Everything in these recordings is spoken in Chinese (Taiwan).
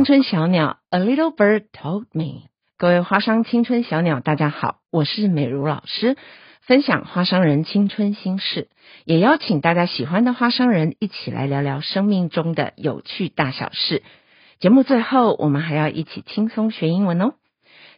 青春小鳥，A little bird told me。各位花商青春小鳥，大家好，我是美如老師，分享花商人青春心事，也邀請大家喜歡的花商人一起來聊聊生命中的有趣大小事。節目最後，我們還要一起輕鬆學英文哦。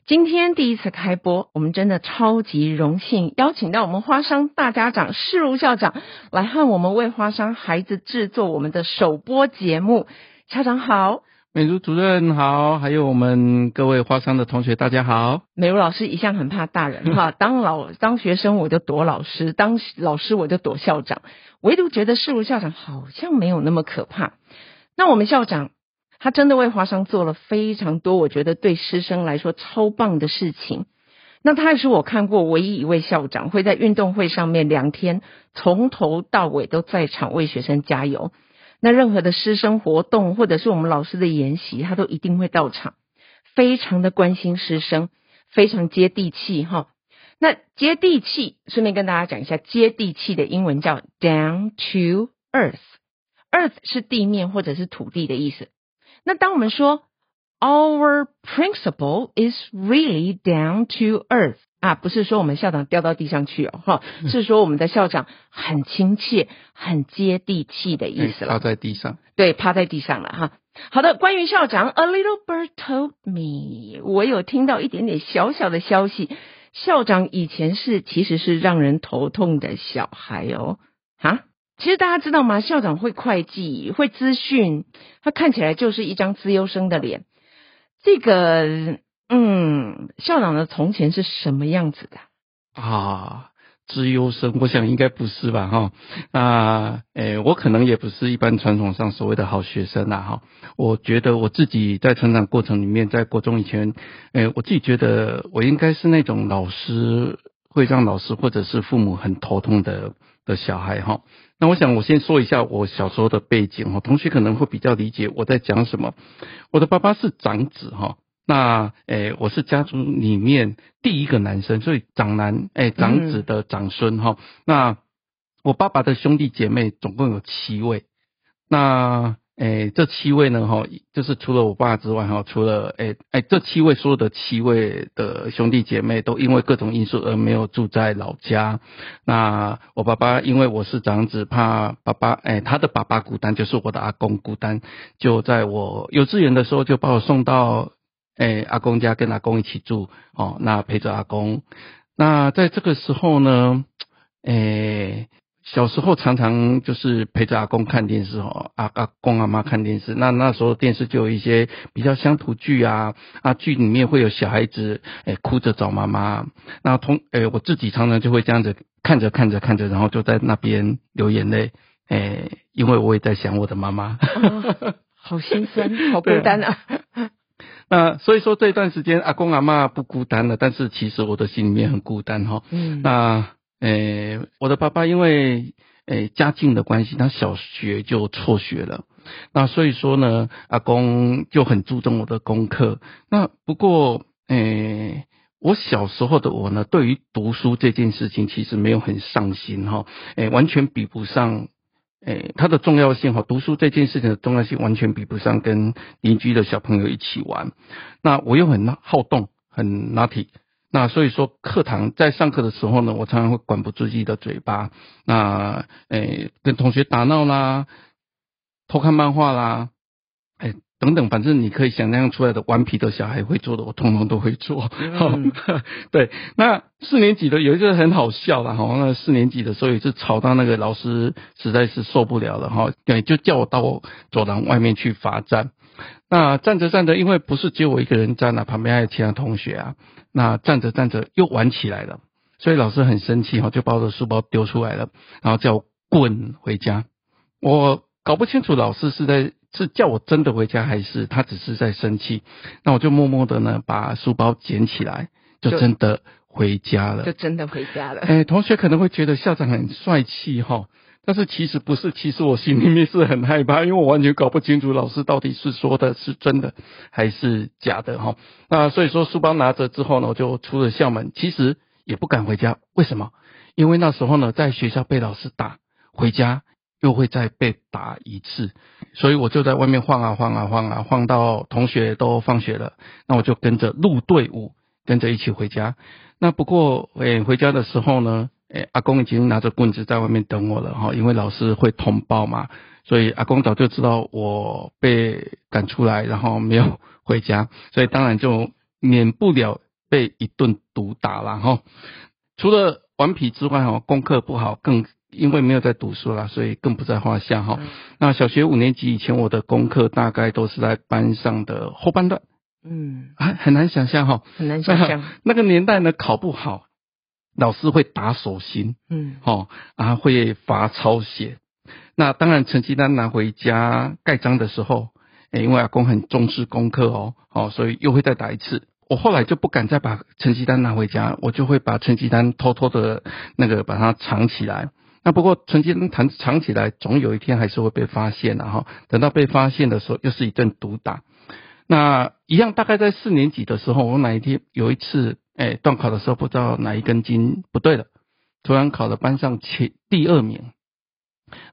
今天第一次開播，我們真的超級榮幸，邀請到我們花商大家長世如校長來和我們為花商孩子制作我們的首播節目。校長好。美如主任好，還有我們各位花商的同學，大家好。美如老師一向很怕大人哈， 當老當學生我就躲老師，當老師我就躲校長，唯獨覺得世如校長好像沒有那麼可怕。那我們校長他真的為花商做了非常多，我覺得對師生來說超棒的事情。那他也是我看過唯一一位校長會在運動會上面兩天從頭到尾都在場為學生加油。那任何的師生活動，或者是我們老師的研習，他都一定會到場，非常的關心師生，非常接地氣哈、哦。那接地氣，順便跟大家講一下，接地氣的英文叫 down to earth。earth 是地面或者是土地的意思。那當我們說 our principal is really down to earth。啊，不是說我們校長掉到地上去哦。哈、哦，是說我們的校長很親切、 很接地氣的意思了。趴在地上，對，趴在地上了哈。好的，關於校長，A little bird told me，我有聽到一點點小小的消息。校長以前是其實是讓人頭痛的小孩哦。哈，其實大家知道嗎？校長會會，會計，會資訊，他看起來就是一張資優生的臉。這個。嗯，校長的從前是什麼樣子的啊？資優生，我想應該不是吧？哈，那、欸、誒，我可能也不是一般傳統上所謂的好學生啦。哈，我覺得我自己在成長過程裡面，在國中以前，誒、欸，我自己覺得我應該是那種老師會讓老師或者是父母很頭痛的的小孩哈。那我想我先說一下我小時候的背景哈，我同學可能會比較理解我在講什麼。我的爸爸是長子哈。那誒、欸，我是家族裡面第一個男生，所以長男，誒、欸，長子的長孫哈、嗯。那我爸爸的兄弟姐妹總共有七位。那誒、欸，這七位呢，哈，就是除了我爸之外，哈，除了誒，誒、欸欸，這七位所有的七位的兄弟姐妹都因為各種因素而沒有住在老家。那我爸爸因為我是長子，怕爸爸，誒、欸，他的爸爸孤單，就是我的阿公孤單，就在我幼稚園的時候就把我送到。哎、欸，阿公家跟阿公一起住哦，那陪着阿公。那在這個時候呢，哎、欸，小時候常常就是陪着阿公看電視哦，阿、啊、阿公阿媽看電視。那那時候電視就有一些比較鄉土劇啊，啊劇裡面會有小孩子，欸，哭着找媽媽。那同哎、欸，我自己常常就會這樣子看着看着看着，然後就在那邊流眼淚，欸，因為我也在想我的媽媽，哦。好心酸， 好孤單啊，啊。那所以說這段時間，阿公阿媽不孤單了，但是其實我的心裡面很孤單哈。嗯。那誒、欸，我的爸爸因為誒、欸、家境的關係，他小學就輟學了。那所以說呢，阿公就很注重我的功課。那不過誒、欸，我小時候的我呢，對於讀書這件事情其實沒有很上心哈。誒、欸，完全比不上。誒，他的重要性哈，讀書這件事情的重要性完全比不上跟鄰居的小朋友一起玩。那我又很好動，很 naughty，那所以說，課堂在上課的時候呢，我常常會管不住自己的嘴巴，那誒跟同學打鬧啦，偷看漫畫啦。等等，反正你可以想象出來的，頑皮的小孩會做的，我通通都會做。嗯哦、對，那四年級的有一個很好笑的哈，那四年級的時候也是吵到那個老師實在是受不了了哈，對，就叫我到我走廊外面去罰站。那站着站着，因為不是只有我一個人站了，啊，旁邊還有其他同學啊。那站着站着又玩起來了，所以老師很生氣哈，就把我的書包丟出來了，然後叫我滾回家。我搞不清楚老師是在。是叫我真的回家，還是他只是在生氣？那我就默默的呢，把書包撿起來，就真的回家了。就，就真的回家了。誒，欸，同學可能會覺得校長很帥氣齁，但是其實不是，其實我心裡面是很害怕，因為我完全搞不清楚老師到底是說的是真的還是假的齁。那所以說書包拿着之後呢，我就出了校門，其實也不敢回家。為什麼？因為那時候呢，在學校被老師打，回家又會再被打一次。所以我就在外面晃啊晃啊晃啊晃到同學都放學了，那我就跟着路隊伍，跟着一起回家。那不過誒、哎、回家的時候呢，誒、哎、阿公已經拿着棍子在外面等我了哈，因為老師會通報嘛，所以阿公早就知道我被趕出來，然後沒有回家，所以當然就免不了被一頓毒打了哈。除了頑皮之外哦，功課不好更。因為沒有在讀書啦，所以更不在話下哈。那小學五年級以前，我的功課大概都是在班上的後半段。嗯，啊，很難想象哈，很難想象。那個年代呢，考不好，老師會打手心。嗯，哦，啊，會罰抄寫。嗯。那當然，成績單拿回家蓋章的時候，欸，因為阿公很重視功課哦，哦，所以又會再打一次。我後來就不敢再把成績單拿回家，我就會把成績單偷偷的那個把它藏起來。那不過成績單藏起來，總有一天還是會被發現的哈，等到被發現的時候，又是一頓毒打。那一樣，大概在四年級的時候，我哪一天有一次誒，哎，段考的時候不知道哪一根筋不對了，突然考了班上前第二名。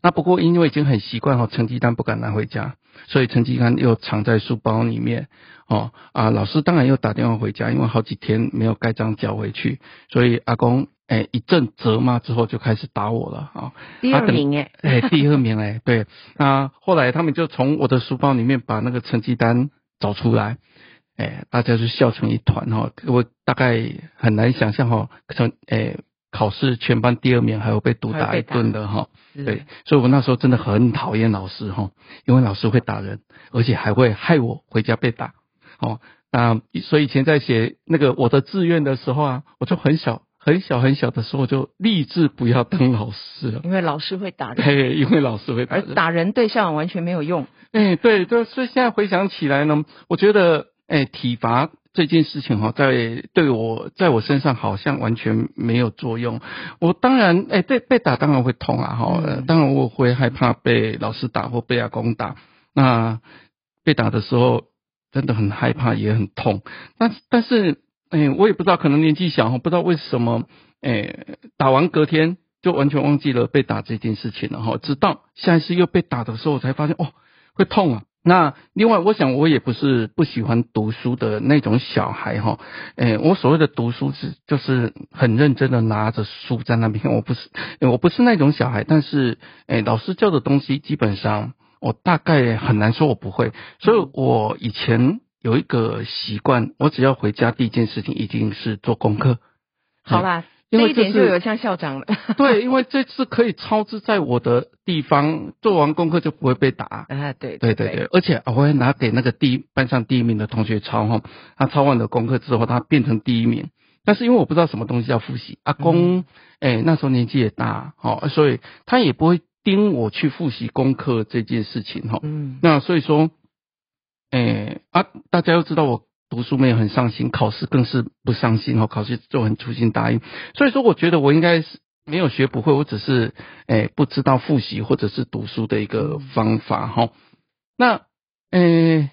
那不過因為已經很習慣哈，成績單不敢拿回家，所以成績單又藏在書包裡面。哦啊，老師當然又打電話回家，因為好幾天沒有蓋章交回去，所以阿公。哎，一陣責罵之後就開始打我了哈。第二名哎、啊，誒第二名哎， 對。那後來他們就從我的書包裡面把那個成績單找出來，哎，大家就笑成一團哈。我大概很難想象哈，可能誒。哎，考試全班第二名還有被毒打一頓的哈。對，所以我那時候真的很討厭老師哈，因為老師會打人，而且還會害我回家被打。哦，啊，所以以前在寫那個我的志願的時候啊，我就很小，很小很小的時候就立志不要當老師了，因為老師會打人。對，因為老師會打人。打人對象完全沒有用。哎，對，對，所以現在回想起來呢，我覺得哎體罰這件事情哈，在對我在我身上好像完全沒有作用。我當然哎被被打當然會痛啊，哈，當然我會害怕被老師打或被阿公打。那被打的時候真的很害怕也很痛，但但是。哎，我也不知道，可能年紀小，不知道為什麼，哎，打完隔天就完全忘記了被打這件事情了哈。直到下一次又被打的時候，我才發現，哦，會痛啊。那另外，我想我也不是不喜歡讀書的那種小孩哈。哎，我所謂的讀書是就是很認真的拿着書在那邊，我不是我不是那種小孩，但是哎，老師教的東西基本上，我大概很難說我不會，所以我以前。有一個習慣，我只要回家第一件事情一定是做功課。好啦、就是，這一點就有像校長了。對，因為這次可以操之在我的地方，做完功課就不會被打。啊，對，對，對，對對對。而且我會拿給那個第一班上第一名的同學抄哈，他抄完了功課之後，他變成第一名。但是因為我不知道什麼東西叫複習，阿公，哎、嗯欸，那時候年紀也大，所以他也不會盯我去複習功課這件事情哈。嗯，那所以說。哎啊，大家又知道我讀書沒有很上心，考試更是不上心哦，考試就很粗心大意。所以說，我覺得我應該是沒有學不會，我只是、哎、不知道複習或者是讀書的一個方法哈。那呃、哎、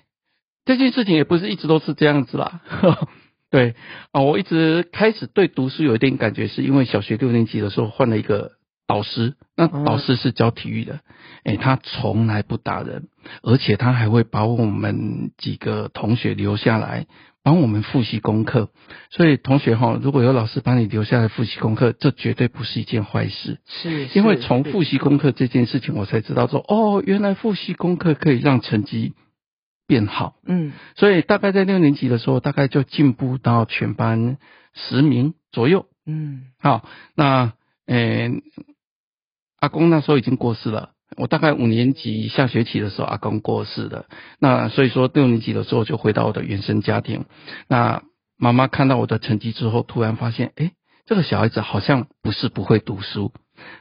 這件事情也不是一直都是這樣子啦， 對啊，我一直開始對讀書有一點感覺，是因為小學六年級的時候換了一個。導師，那導師是教體育的，誒、嗯欸、他從來不打人，而且他還會把我們幾個同學留下來幫我們複習功課。所以同學哈，如果有老師幫你留下來複習功課，這絕對不是一件壞事是是。是，因為從複習功課這件事情，我才知道說，哦，原來複習功課可以讓成績變好。嗯，所以大概在六年級的時候，大概就進步到全班十名左右。嗯，好，那，誒、欸。阿公那時候已經過世了，我大概五年級下學期的時候，阿公過世的。那所以說六年級的時候就回到我的原生家庭。那媽媽看到我的成績之後，突然發現，誒，這個小孩子好像不是不會讀書，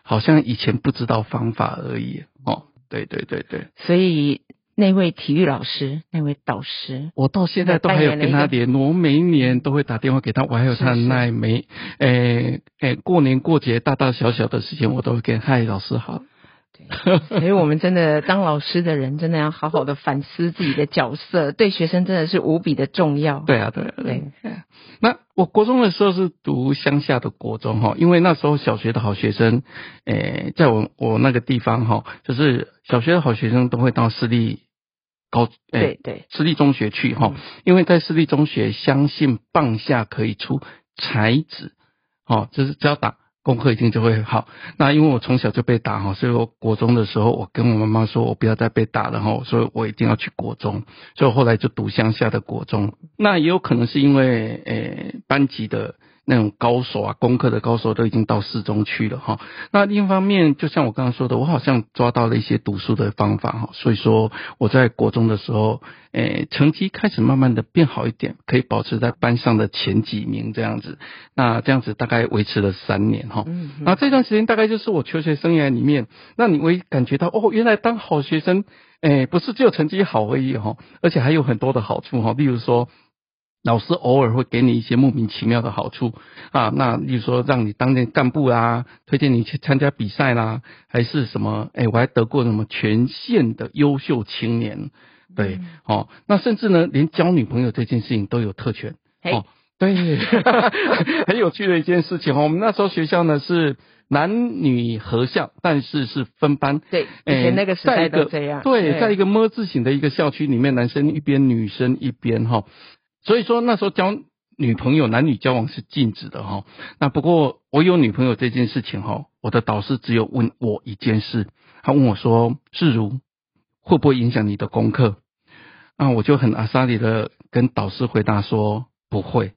好像以前不知道方法而已。哦，對對對對。所以。那位體育老師，那位導師，我到現在都還有跟他聯絡，每一年都會打電話給他，我還有他那一枚，誒誒、欸欸，過年過節大大小小的事情，我都會跟，嗨，老師好。對，所以我們真的當老師的人，真的要好好的反思自己的角色， 對學生真的是無比的重要。對啊，對啊，對。對那我國中的時候是讀鄉下的國中哈，因為那時候小學的好學生，誒，在我我那個地方哈，就是小學的好學生都會到私立。高、欸、對對，私立中學去哈，因為在私立中學相信棒下可以出才子，哦，就是只要打，功課一定就會好。那因為我從小就被打哈，所以我國中的時候，我跟我媽媽說我不要再被打了哈，所以我一定要去國中，所以我後來就讀鄉下的國中。那也有可能是因為誒、欸、班級的。那種高手啊，功課的高手都已經到市中去了哈。那另一方面，就像我剛剛說的，我好像抓到了一些讀書的方法哈。所以說我在國中的時候，誒、欸，成績開始慢慢的變好一點，可以保持在班上的前幾名這樣子。那這樣子大概維持了三年哈、嗯。那這段時間大概就是我求學生涯裡面，那你會感覺到哦，原來當好學生，誒、欸，不是只有成績好而已哈，而且還有很多的好處哈，例如說。老師偶爾會給你一些莫名其妙的好處啊，那比如說讓你當年幹部啦、啊，推薦你去參加比賽啦、啊，還是什麼？誒、欸、我還得過什麼全縣的優秀青年，對，好、嗯哦，那甚至呢，連交女朋友這件事情都有特權哦。對， 很有趣的一件事情。我們那時候學校呢是男女合校，但是是分班。對，以、欸、前那個時代都這樣。對，對，在一個摸字形的一個校區裡面，男生一邊，女生一邊，哈。所以說那時候交女朋友、男女交往是禁止的哈、哦。那不過我有女朋友這件事情哈、哦，我的導師只有問我一件事，他問我說：“世如會不會影響你的功課？”那我就很阿薩里的跟導師回答說：“不會。”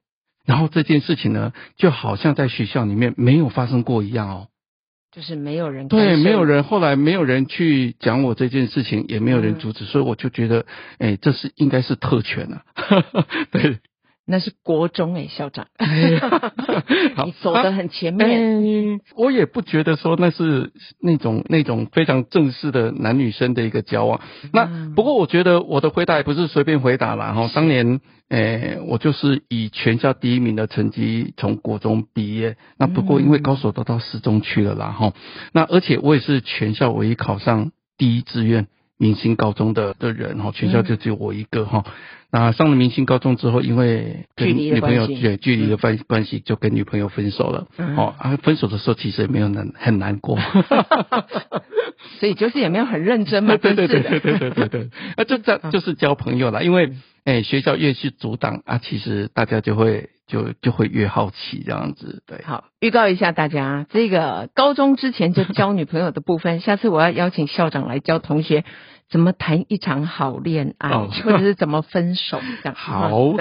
然後這件事情呢，就好像在學校裡面沒有發生過一樣哦。就是沒有人，對，沒有人，後來沒有人去講我這件事情，也沒有人阻止，嗯，所以我就覺得，哎，這是應該是特權了，啊，對。那是國中誒，校長， 你走得很前面，啊，欸。我也不覺得說那是那種那種非常正式的男女生的一個交往。嗯、那不過我覺得我的回答也不是隨便回答啦。哈。當年誒、欸，我就是以全校第一名的成績從國中畢業。那不過因為高手都到市中去了啦哈、嗯。那而且我也是全校唯一考上第一志願。明星高中的的人哈，全校就只有我一個哈、嗯。那上了明星高中之後，因為跟女朋友距距離的關關係，就跟女朋友分手了。哦、嗯，啊，分手的時候其實也沒有難很難過，哈哈哈。所以就是也沒有很認真嘛， 真對對對對對對對啊， 就在就是交朋友啦，因為哎，學校越是阻擋啊，其實大家就會。就就會越好奇這樣子，對。好，預告一下大家，這個高中之前就交女朋友的部分， 下次我要邀請校長來教同學怎麼談一場好戀愛，啊， 或者是怎麼分手 這樣。好。哦、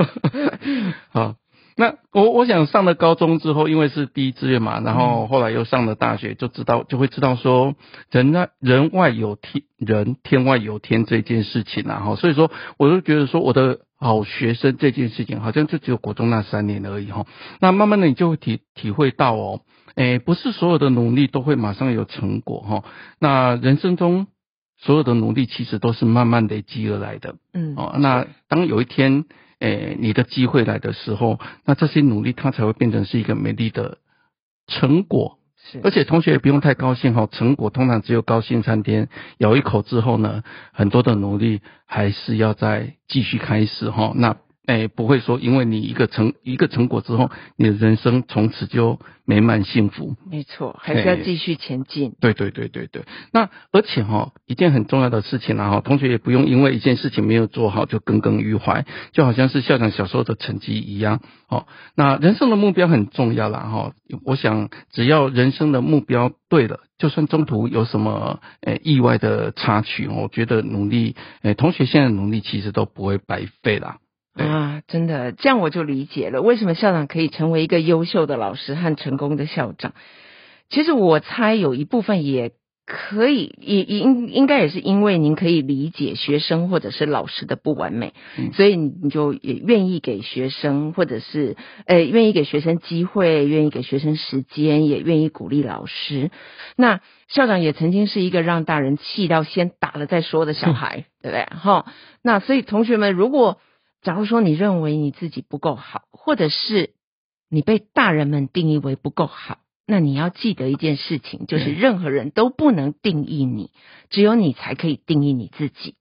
好，那我我想上了高中之後，因為是第一志願嘛，然後後來又上了大學，就知道就會知道說人外，啊、人外有天，人天外有天這件事情啊。哈，所以說我就覺得說我的。好學生這件事情，好像就只有國中那三年而已哈。那慢慢的你就會體體會到哦，誒，不是所有的努力都會馬上有成果哈。那人生中所有的努力其實都是慢慢累積而來的，嗯，哦，那當有一天，誒，你的機會來的時候，那這些努力它才會變成是一個美麗的成果。而且同學也不用太高興哈，成果通常只有高興三天，咬一口之後呢，很多的努力還是要再繼續開始哈，那。誒、哎，不會說，因為你一個成一個成果之後，你的人生從此就美滿幸福。沒錯，還是要繼續前進、哎。對對對對對。那而且哈、哦，一件很重要的事情了、啊、哈，同學也不用因為一件事情沒有做好就耿耿於懷，就好像是校長小時候的成績一樣。哦，那人生的目標很重要啦。哈、哦。我想，只要人生的目標對了，就算中途有什麼誒、哎、意外的插曲，我覺得努力誒、哎，同學現在努力其實都不會白費啦。啊，真的，這樣我就理解了為什麼校長可以成為一個優秀的老師和成功的校長。其實我猜有一部分也可以，也應應該也是因為您可以理解學生或者是老師的不完美，嗯、所以你你就也願意給學生或者是呃願意給學生機會，願意給學生時間，也願意鼓勵老師。那校長也曾經是一個讓大人氣到先打了再說的小孩，嗯、對不對？哈、哦，那所以同學們如果。假如說你認為你自己不夠好，或者是你被大人們定義為不夠好，那你要記得一件事情，就是任何人都不能定義你，只有你才可以定義你自己。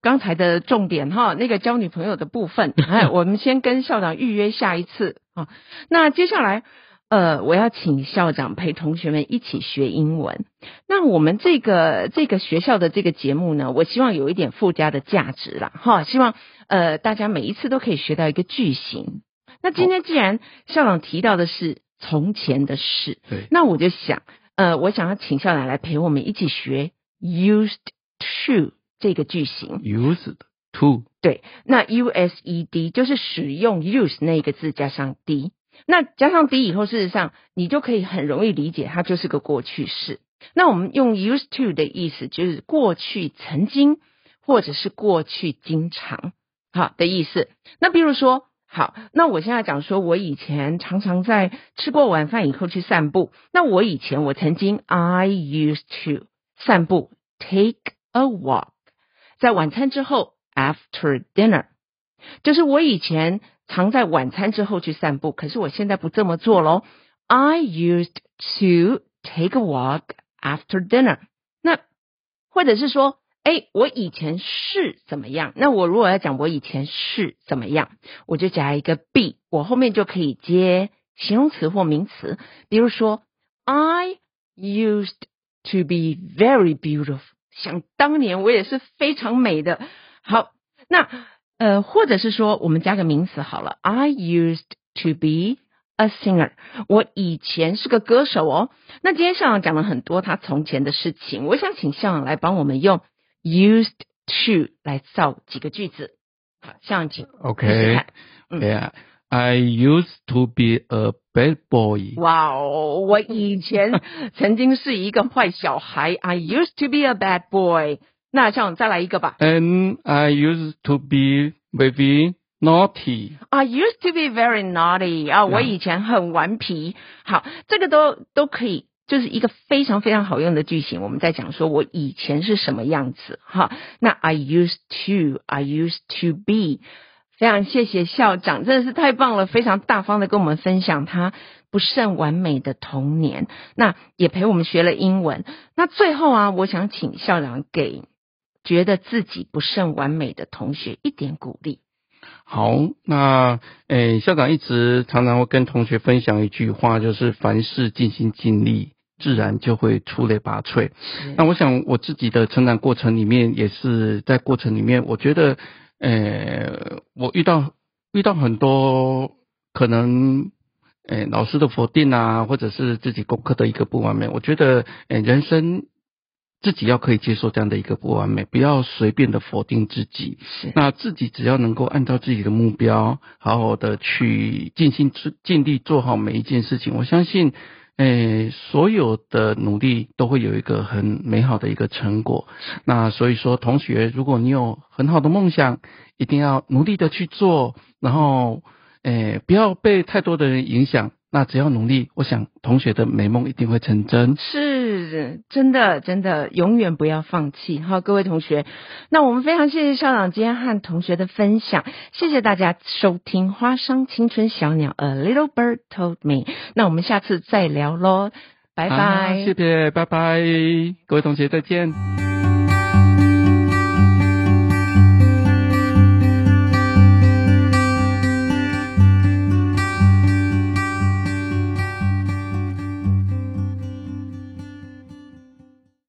剛才的重點哈，那個交女朋友的部分，唉，我們先跟校長預約下一次啊。那接下來。呃，我要請校長陪同學們一起學英文。那我們這個這個學校的這個節目呢，我希望有一點附加的價值啦。哈。希望呃大家每一次都可以學到一個句型。那今天既然校長提到的是從前的事，對，那我就想呃，我想要請校長來陪我們一起學 used to 這個句型。used to 對，那 used 就是使用 use 那個字加上 d。那加上 d 以後，事實上你就可以很容易理解，它就是個過去式。那我們用 used to 的意思，就是過去曾經或者是過去經常好的意思。那比如說，好，那我現在講說我以前常常在吃過晚飯以後去散步。那我以前我曾經 I used to 散步，take a walk，在晚餐之後 after dinner。就是我以前常在晚餐之後去散步，可是我現在不這麼做嘍。I used to take a walk after dinner 那。那或者是說，誒，我以前是怎麼樣？那我如果要講我以前是怎麼樣，我就加一個 be，我後面就可以接形容詞或名詞。比如說，I used to be very beautiful。想當年我也是非常美的。好，那。呃，或者是說，我們加個名詞好了。I used to be a singer，我以前是個歌手哦。那今天校長講了很多他從前的事情，我想請校長來幫我們用 used to 來造幾個句子。好，校長，請。OK、嗯。Yeah，I used to be a bad boy。哇哦，我以前曾經是一個壞小孩。 I used to be a bad boy。那校長，我們再來一個吧。And I used to be, baby, naughty. I used to be very naughty. 啊，oh, yeah. 我以前很頑皮。好，這個都都可以，就是一個非常非常好用的句型。我們在講說我以前是什麼樣子。哈，那 I used to, I used to be。非常謝謝校長，真的是太棒了，非常大方的跟我們分享他不甚完美的童年。那也陪我們學了英文。那最後啊，我想請校長給。覺得自己不甚完美的同學，一點鼓勵。好，那誒、欸，校長一直常常會跟同學分享一句話，就是凡事盡心盡力，自然就會出類拔萃。那我想我自己的成長過程裡面，也是在過程裡面，我覺得誒、欸，我遇到遇到很多可能誒、欸、老師的否定啊，或者是自己功課的一個不完美，我覺得誒、欸，人生。自己要可以接受這樣的一個不完美，不要隨便的否定自己。是，那自己只要能夠按照自己的目標，好好的去盡心盡盡力做好每一件事情，我相信，誒、哎，所有的努力都會有一個很美好的一個成果。那所以說，同學，如果你有很好的夢想，一定要努力的去做，然後，誒、哎，不要被太多的人影響。那只要努力，我想同學的美夢一定會成真。是，真的，真的，永遠不要放棄。好，各位同學，那我們非常謝謝校長今天和同學的分享，謝謝大家收聽《花商青春小鳥》A Little Bird Told Me。那我們下次再聊嘍，拜拜，謝謝，拜拜，各位同學再見。